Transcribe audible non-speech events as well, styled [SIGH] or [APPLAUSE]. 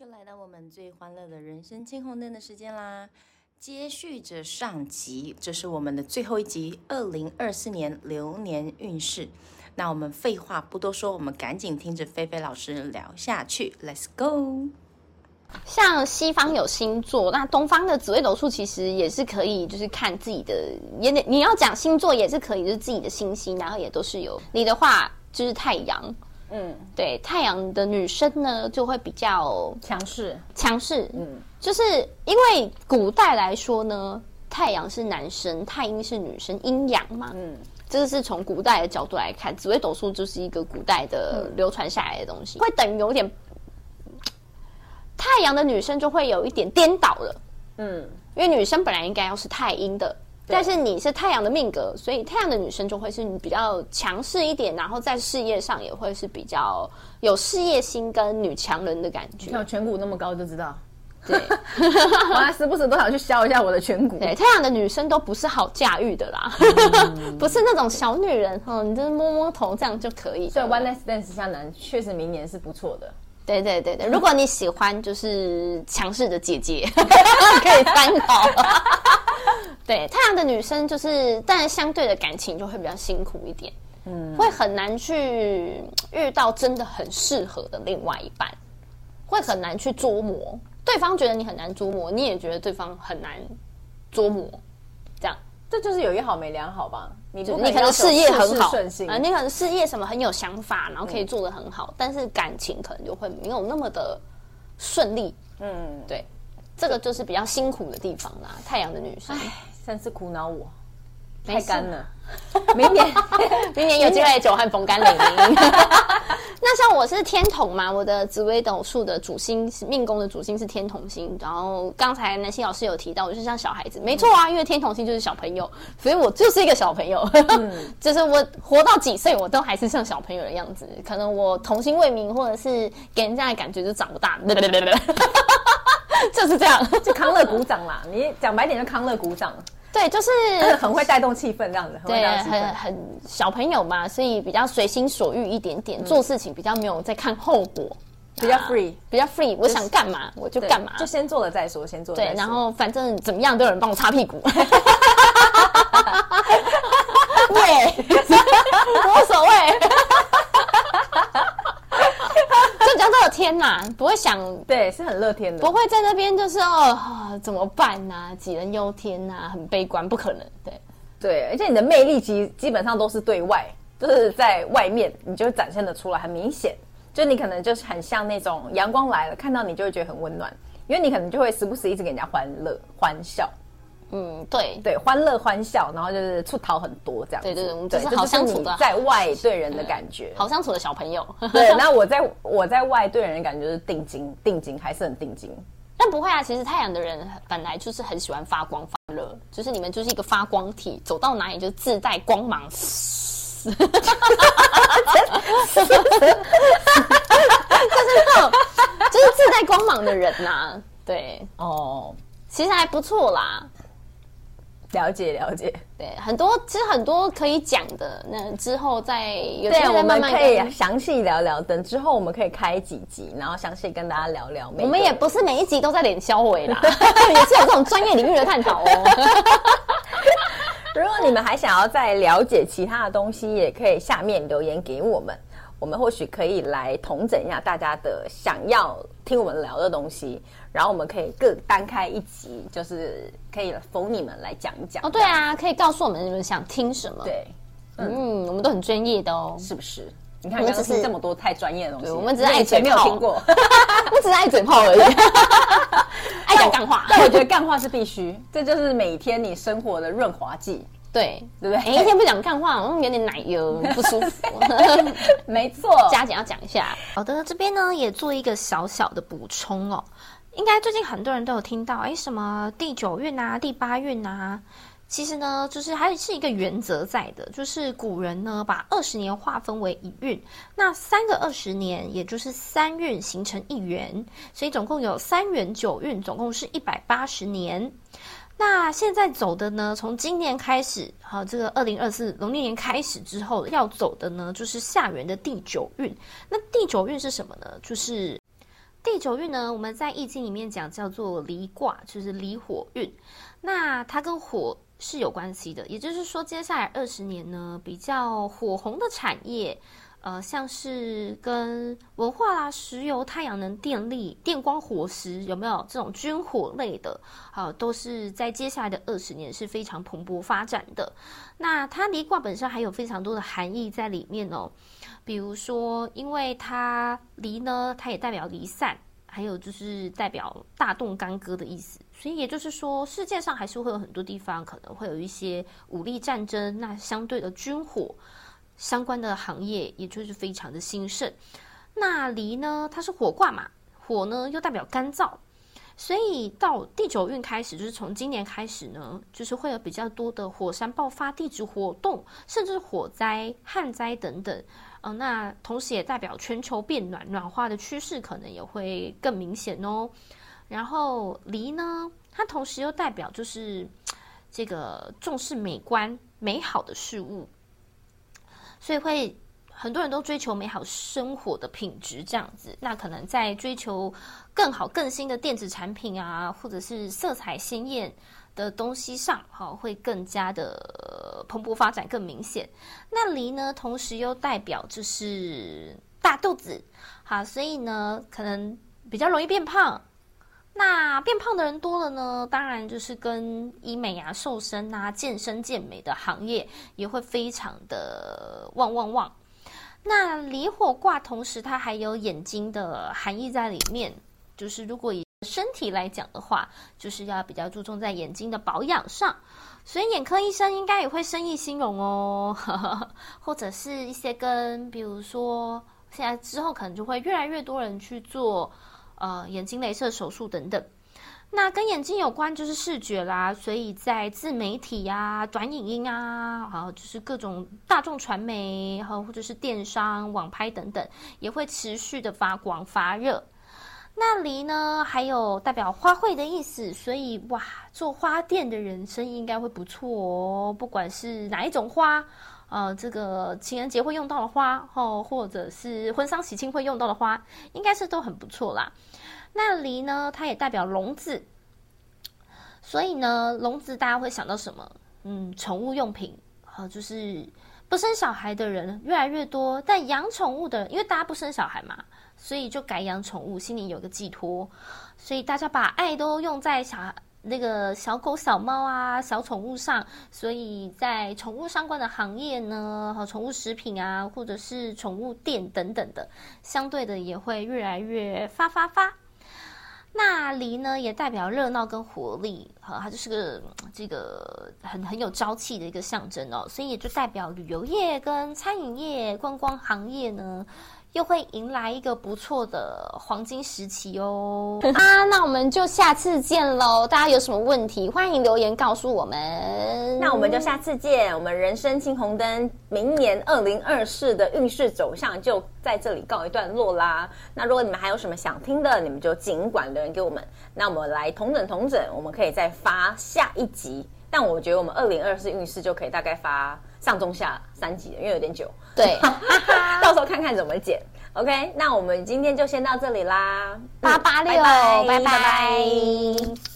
又來到我們最歡樂的人生青紅燈的時間啦！接續着上集，這是我們的最後一集——二零二四年流年運勢。那我們廢話不多說，我們趕緊聽着菲菲老師聊下去。Let's go！ 像西方有星座，那東方的紫微斗數其實也是可以，就是看自己的也得你要講星座也是可以，就是自己的星星，然後也都是有。你的話就是太陽。嗯，對，太陽的女生呢就會比較強勢，強勢。嗯，就是因為古代來說呢，太陽是男生，太陰是女生，陰陽嘛。嗯，這個是從古代的角度來看，紫微斗數就是一個古代的流傳下來的東西，嗯、會等於有點太陽的女生就會有一點顛倒了。嗯，因為女生本來應該要是太陰的。但是你是太陽的命格，所以太陽的女生就會是你比較強勢一點，然後在事業上也會是比較有事業心跟女強人的感覺。我看我顴骨那麼高就知道，對， [LAUGHS] 我還時不時都想去削一下我的顴骨。對，太陽的女生都不是好駕馭的啦，嗯、 [LAUGHS] 不是那種小女人你就是摸摸頭這樣就可以。所以，One nice dance 三男確實明年是不錯的。對對對對，如果你喜歡 [LAUGHS] 就是強勢的姐姐， [LAUGHS] [LAUGHS] 可以參考。 [LAUGHS] 對太陽的女生就是，但相對的感情就會比較辛苦一點，嗯，會很難去遇到真的很適合的另外一半，會很難去捉摸，嗯、對方覺得你很難捉摸，你也覺得對方很難捉摸、嗯，這樣，這就是有一好沒兩好吧？你可是是你可能事業很好，啊、呃，你可能事業什麼很有想法，然後可以做得很好，嗯、但是感情可能就會沒有那麼的順利，嗯，對，這個就是比較辛苦的地方啦、啊，太陽的女生。三次苦惱我，太乾了。明沒事 [LAUGHS] 每年，明 [LAUGHS] 年有機會來久旱逢甘霖。 [LAUGHS] [LAUGHS] 那像我是天同嘛，我的紫微斗數的主星，命宮的主星是天同星。然後剛才南星老師有提到，我就是像小孩子，沒錯啊，因為天同星就是小朋友，所以我就是一個小朋友。嗯、 [LAUGHS] 就是我活到幾歲，我都還是像小朋友的樣子。可能我童心未泯，或者是給人家感覺就長不大。 [LAUGHS] [LAUGHS] 就是這樣， [LAUGHS] 就康樂股長啦。你講白點就康樂股長。 [LAUGHS] 對，就是，是很會帶動氣氛這樣子。對，很很小朋友嘛，所以比較隨心所欲一點點，做事情比較沒有在看後果、啊嗯，比較 free，比較 free、就是。我想幹嘛我就幹對嘛、啊，就先做了再說，先做。對，然後反正怎麼樣都有人幫我擦屁股。對，無所謂。樂天吶、啊，不會想對，是很樂天的，不會在那邊就是哦、啊，怎麼辦吶、啊，杞人憂天吶、啊，很悲觀，不可能。對，對，而且你的魅力其實基本上都是對外，就是在外面你就展現得出來，很明顯。就你可能就是很像那種陽光來了，看到你就會覺得很溫暖，因為你可能就會時不時一直給人家歡樂歡笑。嗯，對對，歡樂歡笑，然後就是出逃很多這樣。對這種對，對，對，就是好相處的、啊，就就在外對人的感覺、嗯，好相處的小朋友。 [LAUGHS] 對，那我在我在外對人的感覺就是定金，定金還是很定金。但不會啊，其實太陽的人本來就是很喜歡發光發熱，就是你們就是一個發光體，走到哪裡就自帶光芒。哈哈哈！哈哈哈！哈哈哈！哈哈哈！哈哈哈！就是這種哈，就是自帶光芒的人吶、啊。對，哦，其實還不錯啦。了解了解，了解對，很多其實很多可以講的，那之後再有機會再慢慢，對，我們可以詳細聊聊。等之後我們可以開幾集，然後詳細跟大家聊聊。我們也不是每一集都在臉銷偉啦， [LAUGHS] [LAUGHS] 也是有這種專業領域的探討哦。 [LAUGHS] [LAUGHS] 如果你們還想要再了解其他的東西，也可以下面留言給我們。我們或許可以來統整一下大家的想要聽我們聊的東西，然後我們可以各單開一集，就是可以逢你們來講一講。哦，對啊，可以告訴我們你們想聽什麼？對，嗯，嗯我們都很專業的哦，是不是？你看，不要聽這麼多太專業的東西。對，對，我們只是愛嘴炮。 [LAUGHS] [LAUGHS] 我只是愛嘴炮而已。 [LAUGHS] 愛講乾話但，但我覺得乾話是必須， [LAUGHS] 這就是每天你生活的潤滑劑。對，對不對？哎，一天不講幹話我、嗯、有點奶油不舒服。 [LAUGHS] 沒錯錯，加緊要講一下。好的，這邊呢也做一個小小的補充哦。應該最近很多人都有聽到，哎，什麼第九運啊、第八運啊？其實呢，就是還是一個原則在的，就是古人呢把二十年劃分為一運，那三個二十年也就是三運形成一元，所以總共有三元九運，總共是一百八十年。那現在走的呢？從今年開始，好，這個二零二四龍年開始之後，要走的呢就是下元的第九運。那第九運是什麼呢？就是第九運呢，我們在《易經》裡面講叫做離卦，就是離火運。那它跟火是有關係的，也就是說，接下來二十年呢，比較火紅的產業。呃，像是跟文化啦、石油、太陽能、電力、電光火石，有沒有這種軍火類的？好，呃，都是在接下來的二十年是非常蓬勃發展的。那它離卦本身還有非常多的含義在裡面哦，比如說，因為它離呢，它也代表離散，還有就是代表大動干戈的意思。所以也就是說，世界上還是會有很多地方可能會有一些武力戰爭，那相對的軍火。相關的行業也就是非常的興盛。那離呢，它是火卦嘛，火呢又代表乾燥，所以到第九運開始，就是從今年開始呢，就是會有比較多的火山爆發、地質活動，甚至火災、旱災等等。嗯、呃，那同時也代表全球變暖，暖化的趨勢可能也會更明顯哦。然後離呢，它同時又代表就是這個重視美觀、美好的事物。所以會很多人都追求美好生活的品質，這樣子。那可能在追求更好、更新的電子產品啊，或者是色彩鮮艷的東西上，哈，會更加的蓬勃發展，更明顯。那離呢，同時又代表就是大肚子，好，所以呢，可能比較容易變胖。那變胖的人多了呢，當然就是跟醫美啊、瘦身啊、健身健美的行業也會非常的旺旺旺。那離火卦，同時它還有眼睛的含義在裡面，就是如果以身體來講的話，就是要比較注重在眼睛的保養上，所以眼科醫生應該也會生意興隆哦， [LAUGHS] 或者是一些跟比如說現在之後可能就會越來越多人去做。呃，眼睛雷射手術等等，那跟眼睛有關就是視覺啦，所以在自媒體啊、短影音啊、啊就是各種大眾傳媒、啊、或者是電商、網拍等等，也會持續的發光發熱。那離呢，還有代表花卉的意思，所以哇，做花店的人生意應該會不錯哦，不管是哪一種花。呃，這個情人節會用到的花，哦，或者是婚喪喜慶會用到的花，應該是都很不錯啦。那離呢，它也代表籠子，所以呢，籠子大家會想到什麼？嗯，寵物用品，好、呃，就是不生小孩的人越來越多，但養寵物的，因為大家不生小孩嘛，所以就改養寵物，心裡有個寄託，所以大家把愛都用在小孩。那個小狗、小貓啊，小寵物上，所以在寵物相關的行業呢，和寵物食品啊，或者是寵物店等等的，相對的也會越來越發發發。那離呢，也代表熱鬧跟活力，哈、啊，它就是個這個很很有朝氣的一個象徵哦，所以也就代表旅遊業跟餐飲業、觀光行業呢。又會迎來一個不錯的黃金時期哦！ [LAUGHS] 啊，那我們就下次見嘍。大家有什麼問題，歡迎留言告訴我們。那我們就下次見。我們人生青紅燈，明年二零二四的運勢走向就在這裡告一段落啦。那如果你們還有什麼想聽的，你們就盡管留言給我們。那我們來統整統整，我們可以再發下一集。但我覺得我們二零二四運勢就可以大概發。上中下三集。因為有點久，對， [LAUGHS] 對吧到時候看看怎麼剪。OK，那我們今天就先到這裡啦，八八六，8 86 拜拜。